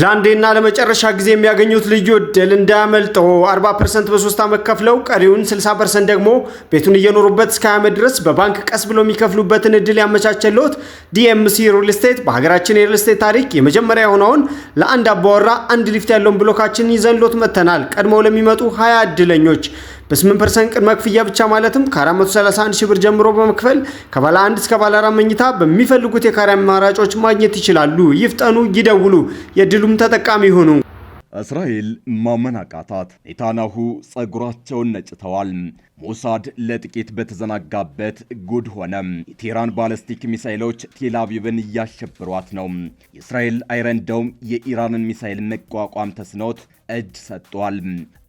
ለአንዴና ለመጨረሻ ጊዜ የሚያገኙት ልዩ እድል እንዳያመልጠው 40 ፐርሰንት በሶስት ዓመት ከፍለው ቀሪውን 60 ፐርሰንት ደግሞ ቤቱን እየኖሩበት እስከ ዓመት ድረስ በባንክ ቀስ ብሎ የሚከፍሉበትን እድል ያመቻቸልዎት ዲኤምሲ ሪል ስቴት በሀገራችን የሪል ስቴት ታሪክ የመጀመሪያ የሆነውን ለአንድ አባወራ አንድ ሊፍት ያለውን ብሎካችን ይዘንሎት መጥተናል። ቀድመው ለሚመጡ ሀያ እድለኞች በ8 ቅድመ ክፍያ ብቻ ማለትም ከ431 ሺህ ብር ጀምሮ በመክፈል ከባለ አንድ እስከ ባለ 4 መኝታ በሚፈልጉት የካሬ አማራጮች ማግኘት ይችላሉ። ይፍጠኑ፣ ይደውሉ፣ የድሉም ተጠቃሚ ይሁኑ። እስራኤል ማመን አቃታት። ኔታንያሁ ጸጉራቸውን ነጭተዋል። ሞሳድ ለጥቂት በተዘናጋበት ጉድ ሆነ። የቴህራን ባለስቲክ ሚሳይሎች ቴልአቪቭን እያሸብሯት ነው። የእስራኤል አይረንደውም የኢራንን ሚሳይል መቋቋም ተስኖት እጅ ሰጥቷል።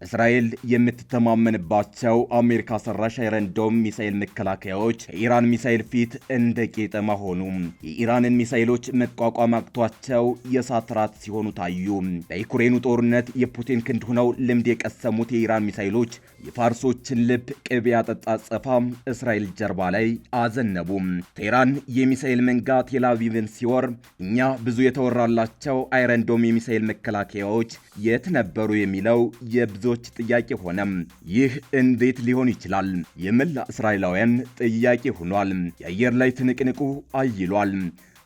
እስራኤል የምትተማመንባቸው አሜሪካ ሰራሽ አይረን ዶም ሚሳኤል መከላከያዎች ከኢራን ሚሳኤል ፊት እንደ ቄጠ መሆኑ የኢራንን ሚሳኤሎች መቋቋም አቅቷቸው የእሳት ራት ሲሆኑ ታዩ። በዩክሬኑ ጦርነት የፑቲን ክንድ ሆነው ልምድ የቀሰሙት የኢራን ሚሳኤሎች የፋርሶችን ልብ ቅቤ ያጠጣ ጸፋ እስራኤል ጀርባ ላይ አዘነቡ። ቴህራን የሚሳኤል መንጋ ቴላቪቭን ሲወር እኛ ብዙ የተወራላቸው አይረንዶም የሚሳኤል መከላከያዎች የት ነበር ነበሩ የሚለው የብዙዎች ጥያቄ ሆነም። ይህ እንዴት ሊሆን ይችላል? የመላ እስራኤላውያን ጥያቄ ሆኗል። የአየር ላይ ትንቅንቁ አይሏል።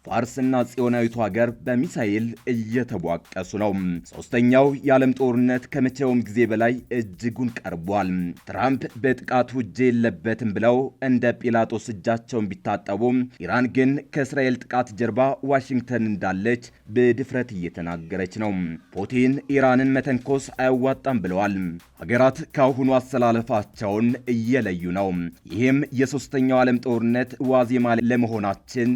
ፋርስና ጽዮናዊቱ ሀገር በሚሳኤል እየተቧቀሱ ነው። ሶስተኛው የዓለም ጦርነት ከመቼውም ጊዜ በላይ እጅጉን ቀርቧል። ትራምፕ በጥቃቱ እጄ የለበትም ብለው እንደ ጲላጦስ እጃቸውን ቢታጠቡ፣ ኢራን ግን ከእስራኤል ጥቃት ጀርባ ዋሽንግተን እንዳለች በድፍረት እየተናገረች ነው። ፑቲን ኢራንን መተንኮስ አያዋጣም ብለዋል። ሀገራት ከአሁኑ አሰላለፋቸውን እየለዩ ነው። ይህም የሶስተኛው ዓለም ጦርነት ዋዜማ ለመሆናችን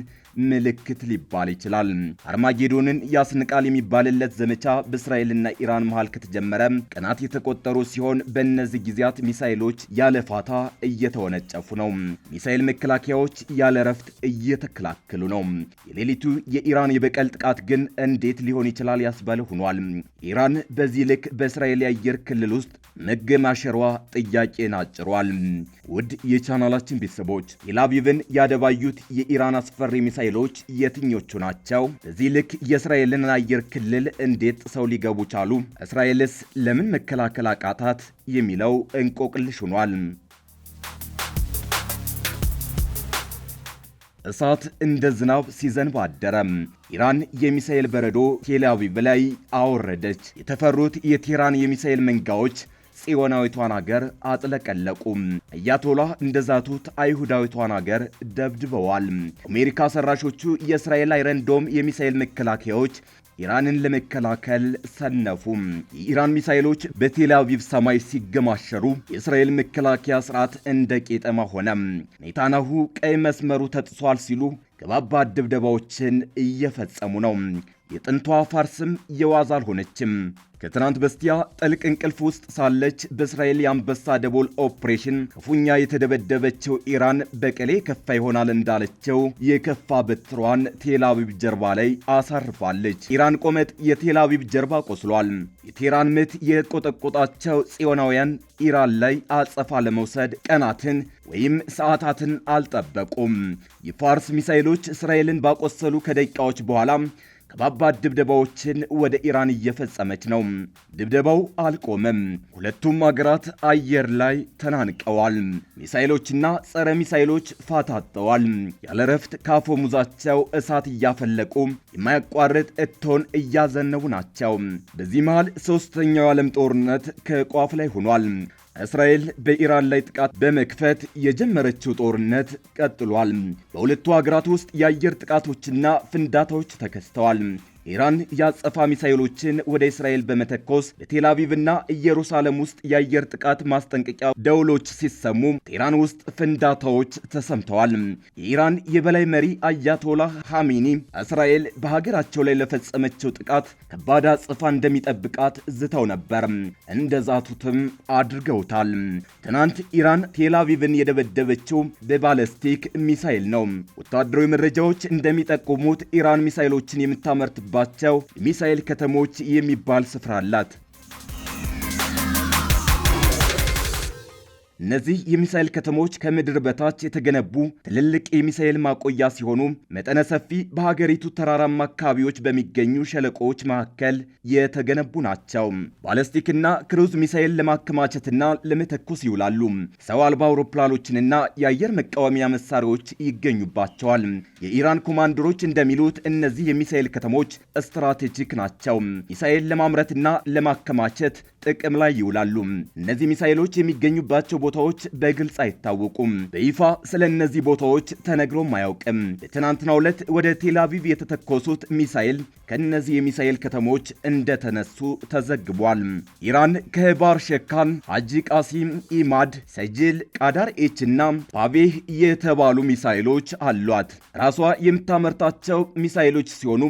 ምልክት ሊባል ይችላል። አርማጌዶንን ያስንቃል የሚባልለት ዘመቻ በእስራኤልና ኢራን መሃል ከተጀመረ ቀናት የተቆጠሩ ሲሆን በእነዚህ ጊዜያት ሚሳይሎች ያለ ፋታ እየተወነጨፉ ነው። ሚሳይል መከላከያዎች ያለ ረፍት እየተከላከሉ ነው። የሌሊቱ የኢራን የበቀል ጥቃት ግን እንዴት ሊሆን ይችላል ያስባለ ሆኗል። ኢራን በዚህ ልክ በእስራኤል የአየር ክልል ውስጥ መገማሸሯ ጥያቄን አጭሯል። ውድ የቻናላችን ቤተሰቦች ቴላቪቭን ያደባዩት የኢራን አስፈሪ ሚሳይሎች የትኞቹ ናቸው? በዚህ ልክ የእስራኤልን አየር ክልል እንዴት ሰው ሊገቡ ቻሉ? እስራኤልስ ለምን መከላከል አቃታት? የሚለው እንቆቅልሽ ሆኗል። እሳት እንደ ዝናብ ሲዘንብ አደረም። ኢራን የሚሳኤል በረዶ ቴልአቪቭ ላይ አወረደች። የተፈሩት የቴህራን የሚሳኤል መንጋዎች ጽዮናዊቷን አገር አጥለቀለቁም። አያቶላ እንደዛቱት አይሁዳዊቷን አገር ደብድበዋል። አሜሪካ ሰራሾቹ የእስራኤል አይረንዶም የሚሳኤል መከላከያዎች ኢራንን ለመከላከል ሰነፉ። የኢራን ሚሳይሎች በቴላቪቭ ሰማይ ሲገማሸሩ የእስራኤል መከላከያ ስርዓት እንደ ቄጠማ ሆነ። ኔታናሁ ቀይ መስመሩ ተጥሷል ሲሉ ከባባድ ድብደባዎችን እየፈጸሙ ነው። የጥንቷ ፋርስም የዋዛ አልሆነችም። ከትናንት በስቲያ ጥልቅ እንቅልፍ ውስጥ ሳለች በእስራኤል የአንበሳ ደቦል ኦፕሬሽን ክፉኛ የተደበደበችው ኢራን በቀሌ ከፋ ይሆናል እንዳለቸው የከፋ በትሯን ቴላቪቭ ጀርባ ላይ አሳርፋለች። ኢራን ቆመጥ የቴላቪቭ ጀርባ ቆስሏል። የቴህራን ምት የቆጠቆጣቸው ጽዮናውያን ኢራን ላይ አጸፋ ለመውሰድ ቀናትን ወይም ሰዓታትን አልጠበቁም። የፋርስ ሚሳይሎች እስራኤልን ባቆሰሉ ከደቂቃዎች በኋላ ከባባድ ድብደባዎችን ወደ ኢራን እየፈጸመች ነው። ድብደባው አልቆመም። ሁለቱም አገራት አየር ላይ ተናንቀዋል። ሚሳይሎችና ጸረ ሚሳይሎች ፋታተዋል። ያለ ረፍት ሙዛቸው እሳት እያፈለቁ የማያቋርጥ እቶን እያዘነቡ ናቸው። በዚህ መሃል ሶስተኛው የዓለም ጦርነት ከቋፍ ላይ ሆኗል። እስራኤል በኢራን ላይ ጥቃት በመክፈት የጀመረችው ጦርነት ቀጥሏል። በሁለቱ ሀገራት ውስጥ የአየር ጥቃቶችና ፍንዳታዎች ተከስተዋል። ኢራን የአጸፋ ሚሳይሎችን ወደ እስራኤል በመተኮስ በቴላቪቭና ኢየሩሳሌም ውስጥ የአየር ጥቃት ማስጠንቀቂያ ደውሎች ሲሰሙ ቴህራን ውስጥ ፍንዳታዎች ተሰምተዋል። የኢራን የበላይ መሪ አያቶላህ ሐሚኒ እስራኤል በሀገራቸው ላይ ለፈጸመችው ጥቃት ከባድ አጸፋ እንደሚጠብቃት ዝተው ነበር። እንደ ዛቱትም አድርገውታል። ትናንት ኢራን ቴላቪቭን የደበደበችው በባለስቲክ ሚሳይል ነው። ወታደራዊ መረጃዎች እንደሚጠቁሙት ኢራን ሚሳይሎችን የምታመርት የምትገኝባቸው ሚሳኤል ከተሞች የሚባል ስፍራ አላት። እነዚህ የሚሳኤል ከተሞች ከምድር በታች የተገነቡ ትልልቅ የሚሳኤል ማቆያ ሲሆኑ መጠነ ሰፊ በሀገሪቱ ተራራማ አካባቢዎች በሚገኙ ሸለቆዎች መካከል የተገነቡ ናቸው። ባለስቲክና ክሩዝ ሚሳኤል ለማከማቸትና ለመተኮስ ይውላሉ። ሰው አልባ አውሮፕላኖችንና የአየር መቃወሚያ መሳሪያዎች ይገኙባቸዋል። የኢራን ኮማንደሮች እንደሚሉት እነዚህ የሚሳኤል ከተሞች ስትራቴጂክ ናቸው። ሚሳኤል ለማምረትና ለማከማቸት ጥቅም ላይ ይውላሉ። እነዚህ ሚሳኤሎች የሚገኙባቸው ቦታዎች በግልጽ አይታወቁም። በይፋ ስለ እነዚህ ቦታዎች ተነግሮም አያውቅም። በትናንትናው ዕለት ወደ ቴል የተተኮሱት ሚሳኤል ከእነዚህ የሚሳኤል ከተሞች እንደተነሱ ተዘግቧል። ኢራን ከባር ሸካን፣ ሀጂ ቃሲም፣ ኢማድ፣ ሰጅል፣ ቃዳር ኤች እና ፓቬህ የተባሉ ሚሳኤሎች አሏት። ራሷ የምታመርታቸው ሚሳኤሎች ሲሆኑ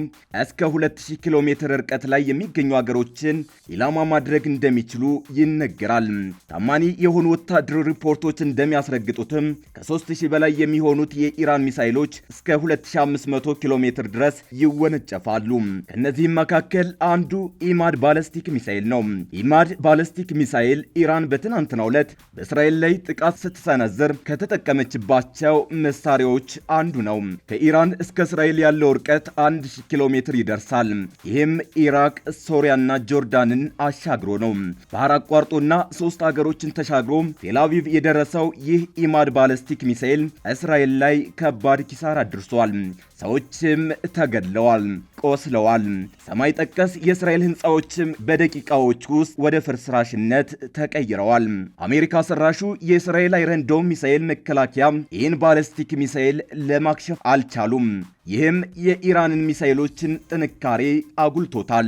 እስከ 2000 ኪሎ ሜትር ርቀት ላይ የሚገኙ ሀገሮችን ኢላማ ማድረግ እንደሚችሉ ይነገራል። ታማኒ የሆኑ ወታደራዊ ሪፖርቶች እንደሚያስረግጡትም ከ3000 በላይ የሚሆኑት የኢራን ሚሳይሎች እስከ 2500 ኪሎ ሜትር ድረስ ይወነጨፋሉ። ከእነዚህም መካከል አንዱ ኢማድ ባለስቲክ ሚሳይል ነው። ኢማድ ባለስቲክ ሚሳይል ኢራን በትናንትናው ዕለት በእስራኤል ላይ ጥቃት ስትሰነዝር ከተጠቀመችባቸው መሳሪያዎች አንዱ ነው። ከኢራን እስከ እስራኤል ያለው እርቀት 1000 ኪሎ ሜትር ይደርሳል። ይህም ኢራቅ፣ ሶሪያና ጆርዳንን አሻግሮ ነው። ነው። ባህር አቋርጦና ሶስት ሀገሮችን ተሻግሮ ቴላቪቭ የደረሰው ይህ ኢማድ ባለስቲክ ሚሳኤል እስራኤል ላይ ከባድ ኪሳራ አድርሷል። ሰዎችም ተገድለዋል፣ ቆስለዋል። ሰማይ ጠቀስ የእስራኤል ህንፃዎችም በደቂቃዎች ውስጥ ወደ ፍርስራሽነት ተቀይረዋል። አሜሪካ ሰራሹ የእስራኤል አይረንዶም ሚሳኤል መከላከያ ይህን ባለስቲክ ሚሳኤል ለማክሸፍ አልቻሉም። ይህም የኢራንን ሚሳይሎችን ጥንካሬ አጉልቶታል።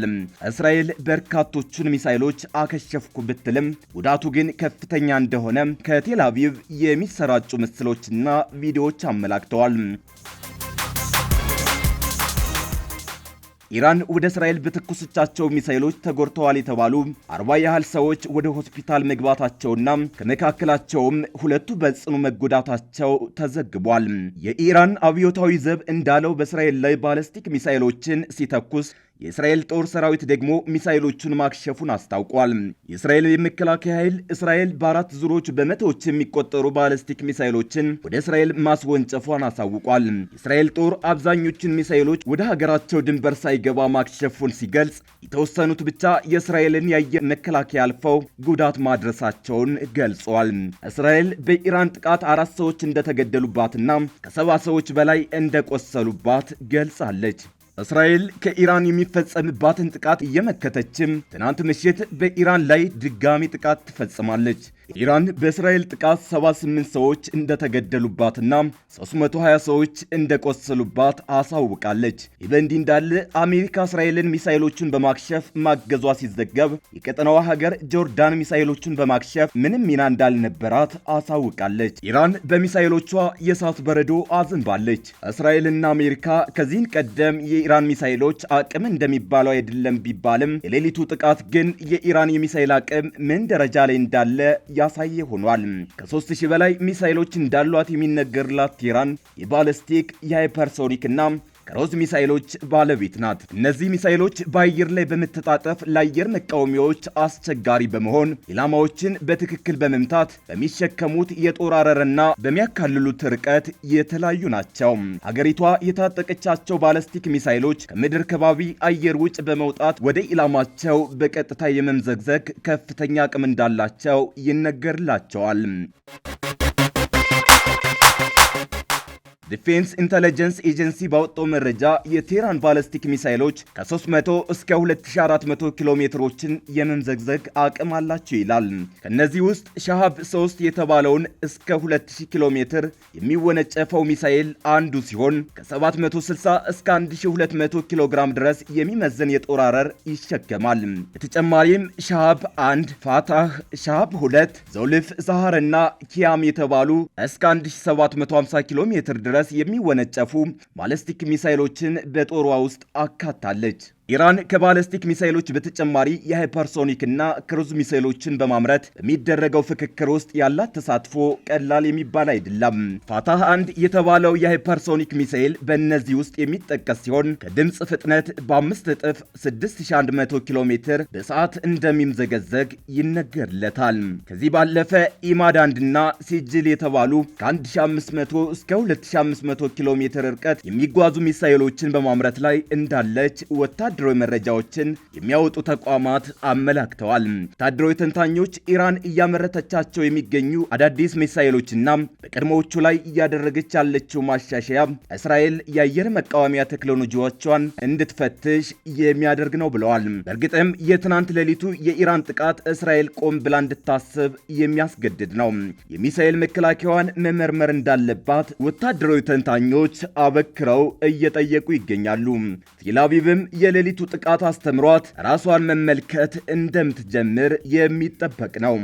እስራኤል በርካቶቹን ሚሳይሎች አከሸፍኩ ብትልም ጉዳቱ ግን ከፍተኛ እንደሆነ ከቴል አቪቭ የሚሰራጩ ምስሎችና ቪዲዮዎች አመላክተዋል። ኢራን ወደ እስራኤል በተኮሰቻቸው ሚሳይሎች ተጎድተዋል የተባሉ አርባ ያህል ሰዎች ወደ ሆስፒታል መግባታቸውና ከመካከላቸውም ሁለቱ በጽኑ መጎዳታቸው ተዘግቧል። የኢራን አብዮታዊ ዘብ እንዳለው በእስራኤል ላይ ባለስቲክ ሚሳይሎችን ሲተኩስ የእስራኤል ጦር ሰራዊት ደግሞ ሚሳይሎቹን ማክሸፉን አስታውቋል። የእስራኤል የመከላከያ ኃይል እስራኤል በአራት ዙሮች በመቶዎች የሚቆጠሩ ባለስቲክ ሚሳይሎችን ወደ እስራኤል ማስወንጨፏን አሳውቋል። የእስራኤል ጦር አብዛኞቹን ሚሳይሎች ወደ ሀገራቸው ድንበር ሳይገባ ማክሸፉን ሲገልጽ፣ የተወሰኑት ብቻ የእስራኤልን የአየር መከላከያ አልፈው ጉዳት ማድረሳቸውን ገልጿል። እስራኤል በኢራን ጥቃት አራት ሰዎች እንደተገደሉባትና ከሰባ ሰዎች በላይ እንደቆሰሉባት ገልጻለች። እስራኤል ከኢራን የሚፈጸምባትን ጥቃት እየመከተችም ትናንት ምሽት በኢራን ላይ ድጋሚ ጥቃት ትፈጽማለች። ኢራን በእስራኤል ጥቃት 78 ሰዎች እንደተገደሉባትና 320 ሰዎች እንደቆሰሉባት አሳውቃለች። ይህ በእንዲህ እንዳለ አሜሪካ እስራኤልን ሚሳይሎቹን በማክሸፍ ማገዟ ሲዘገብ የቀጠናዋ ሀገር ጆርዳን ሚሳይሎቹን በማክሸፍ ምንም ሚና እንዳልነበራት አሳውቃለች። ኢራን በሚሳይሎቿ የእሳት በረዶ አዝንባለች። እስራኤልና አሜሪካ ከዚህን ቀደም የኢራን ሚሳይሎች አቅም እንደሚባለው አይደለም ቢባልም የሌሊቱ ጥቃት ግን የኢራን የሚሳይል አቅም ምን ደረጃ ላይ እንዳለ ያሳየ ሆኗል። ከ3000 በላይ ሚሳይሎች እንዳሏት የሚነገርላት ኢራን የባለስቲክ የሃይፐርሶኒክ እና ከሮዝ ሚሳኤሎች ባለቤት ናት። እነዚህ ሚሳኤሎች በአየር ላይ በመተጣጠፍ ለአየር መቃወሚያዎች አስቸጋሪ በመሆን ኢላማዎችን በትክክል በመምታት በሚሸከሙት የጦር አረርና በሚያካልሉት ርቀት የተለያዩ ናቸው። ሀገሪቷ የታጠቀቻቸው ባለስቲክ ሚሳኤሎች ከምድር ከባቢ አየር ውጭ በመውጣት ወደ ኢላማቸው በቀጥታ የመምዘግዘግ ከፍተኛ አቅም እንዳላቸው ይነገርላቸዋል። ዲፌንስ ኢንተለጀንስ ኤጀንሲ ባወጣው መረጃ የቴህራን ባለስቲክ ሚሳይሎች ከ300 እስከ 2400 ኪሎ ሜትሮችን የመምዘግዘግ አቅም አላቸው ይላል። ከእነዚህ ውስጥ ሻሃብ 3 የተባለውን እስከ 2000 ኪሎ ሜትር የሚወነጨፈው ሚሳይል አንዱ ሲሆን ከ760 እስከ 1200 ኪሎ ግራም ድረስ የሚመዘን የጦር አረር ይሸከማል። በተጨማሪም ሻሃብ 1፣ ፋታህ፣ ሻሃብ 2፣ ዘውልፍ፣ ዛሃር እና ኪያም የተባሉ እስከ 1750 ኪሎ ሜትር ድረስ ድረስ የሚወነጨፉ ባለስቲክ ሚሳይሎችን በጦሯ ውስጥ አካታለች። ኢራን ከባላስቲክ ሚሳይሎች በተጨማሪ የሃይፐርሶኒክ እና ክሩዝ ሚሳይሎችን በማምረት በሚደረገው ፍክክር ውስጥ ያላት ተሳትፎ ቀላል የሚባል አይደለም። ፋታህ አንድ የተባለው የሃይፐርሶኒክ ሚሳይል በእነዚህ ውስጥ የሚጠቀስ ሲሆን ከድምፅ ፍጥነት በአምስት እጥፍ 6100 ኪሎ ሜትር በሰዓት እንደሚምዘገዘግ ይነገርለታል። ከዚህ ባለፈ ኢማድ አንድና ሲጅል የተባሉ ከ1500 እስከ 2500 ኪሎ ሜትር ርቀት የሚጓዙ ሚሳይሎችን በማምረት ላይ እንዳለች ወታደ ወታደራዊ መረጃዎችን የሚያወጡ ተቋማት አመላክተዋል። ወታደራዊ ተንታኞች ኢራን እያመረተቻቸው የሚገኙ አዳዲስ ሚሳይሎችና በቀድሞዎቹ ላይ እያደረገች ያለችው ማሻሻያ እስራኤል የአየር መቃወሚያ ቴክኖሎጂዎቿን እንድትፈትሽ የሚያደርግ ነው ብለዋል። በእርግጥም የትናንት ሌሊቱ የኢራን ጥቃት እስራኤል ቆም ብላ እንድታስብ የሚያስገድድ ነው። የሚሳኤል መከላከያዋን መመርመር እንዳለባት ወታደራዊ ተንታኞች አበክረው እየጠየቁ ይገኛሉ። ቴልአቪቭም የሌ የሌሊቱ ጥቃት አስተምሯት ራሷን መመልከት እንደምትጀምር የሚጠበቅ ነው።